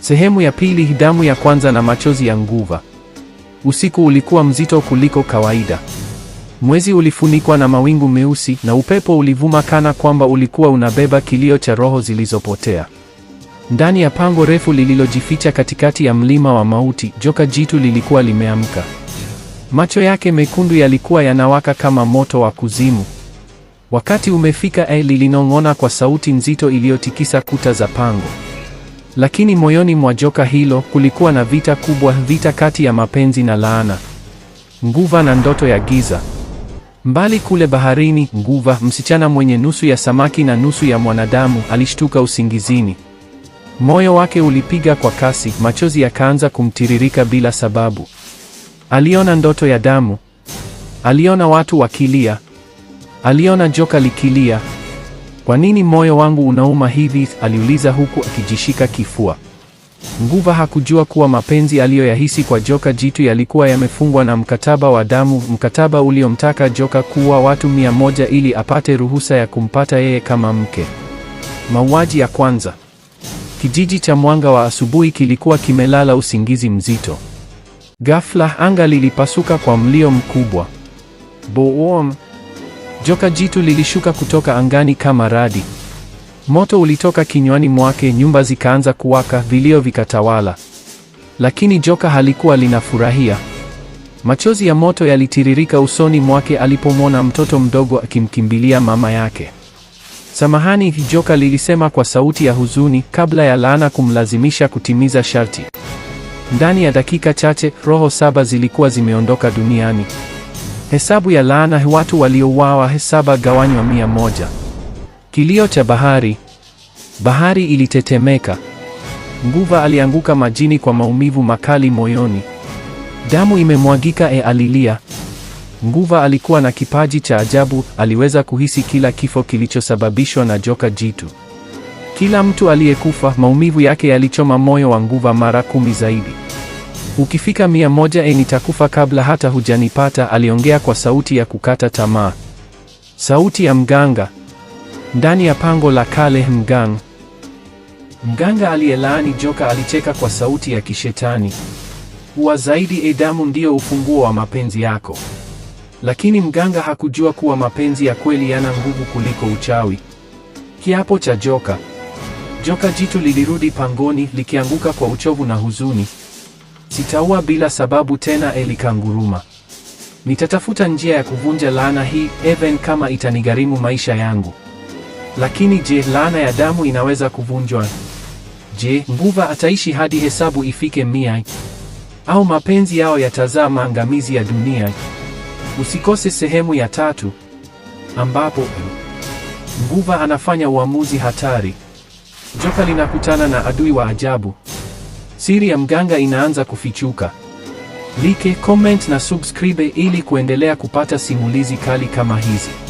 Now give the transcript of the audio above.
Sehemu ya pili: damu ya kwanza na machozi ya nguva. Usiku ulikuwa mzito kuliko kawaida. Mwezi ulifunikwa na mawingu meusi na upepo ulivuma kana kwamba ulikuwa unabeba kilio cha roho zilizopotea. Ndani ya pango refu lililojificha katikati ya mlima wa mauti, joka jitu lilikuwa limeamka. Macho yake mekundu yalikuwa yanawaka kama moto wa kuzimu. Wakati umefika, eh, lilinong'ona kwa sauti nzito iliyotikisa kuta za pango. Lakini moyoni mwa joka hilo kulikuwa na vita kubwa, vita kati ya mapenzi na laana, Nguva na ndoto ya giza. Mbali kule baharini, Nguva, msichana mwenye nusu ya samaki na nusu ya mwanadamu, alishtuka usingizini. Moyo wake ulipiga kwa kasi, machozi yakaanza kumtiririka bila sababu. Aliona ndoto ya damu, aliona watu wakilia, aliona joka likilia. Kwa nini moyo wangu unauma hivi? aliuliza huku akijishika kifua. Nguva hakujua kuwa mapenzi aliyoyahisi kwa joka jitu yalikuwa yamefungwa na mkataba wa damu, mkataba uliomtaka joka kuwa watu mia moja ili apate ruhusa ya kumpata yeye kama mke. Mauaji ya kwanza. Kijiji cha Mwanga wa Asubuhi kilikuwa kimelala usingizi mzito. Ghafla anga lilipasuka kwa mlio mkubwa. Boom! Joka jitu lilishuka kutoka angani kama radi. Moto ulitoka kinywani mwake, nyumba zikaanza kuwaka, vilio vikatawala. Lakini joka halikuwa linafurahia. Machozi ya moto yalitiririka usoni mwake alipomwona mtoto mdogo akimkimbilia mama yake. Samahani, joka lilisema kwa sauti ya huzuni, kabla ya laana kumlazimisha kutimiza sharti. Ndani ya dakika chache, roho saba zilikuwa zimeondoka duniani. Hesabu ya laana, watu waliouawa hesaba gawanywa mia moja. Kilio cha bahari. Bahari ilitetemeka. Nguva alianguka majini kwa maumivu makali moyoni. Damu imemwagika, e, alilia. Nguva alikuwa na kipaji cha ajabu, aliweza kuhisi kila kifo kilichosababishwa na joka jitu. Kila mtu aliyekufa, maumivu yake yalichoma moyo wa Nguva mara kumi zaidi. Ukifika mia moja e, nitakufa kabla hata hujanipata, aliongea kwa sauti ya kukata tamaa, sauti ya mganga ndani ya pango la kale. Mgang mganga aliyelaani joka alicheka kwa sauti ya kishetani, uwa zaidi, edamu ndiyo ufunguo wa mapenzi yako. Lakini mganga hakujua kuwa mapenzi ya kweli yana nguvu kuliko uchawi. Kiapo cha joka. Joka jitu lilirudi pangoni likianguka kwa uchovu na huzuni. Sitaua bila sababu tena, Eli kanguruma. Nitatafuta njia ya kuvunja laana hii, even kama itanigharimu maisha yangu. Lakini je, laana ya damu inaweza kuvunjwa? Je, nguva ataishi hadi hesabu ifike mia? Au mapenzi yao yatazaa maangamizi ya dunia? Usikose sehemu ya tatu ambapo nguva anafanya uamuzi hatari. Joka linakutana na adui wa ajabu. Siri ya mganga inaanza kufichuka. Like, comment na subscribe ili kuendelea kupata simulizi kali kama hizi.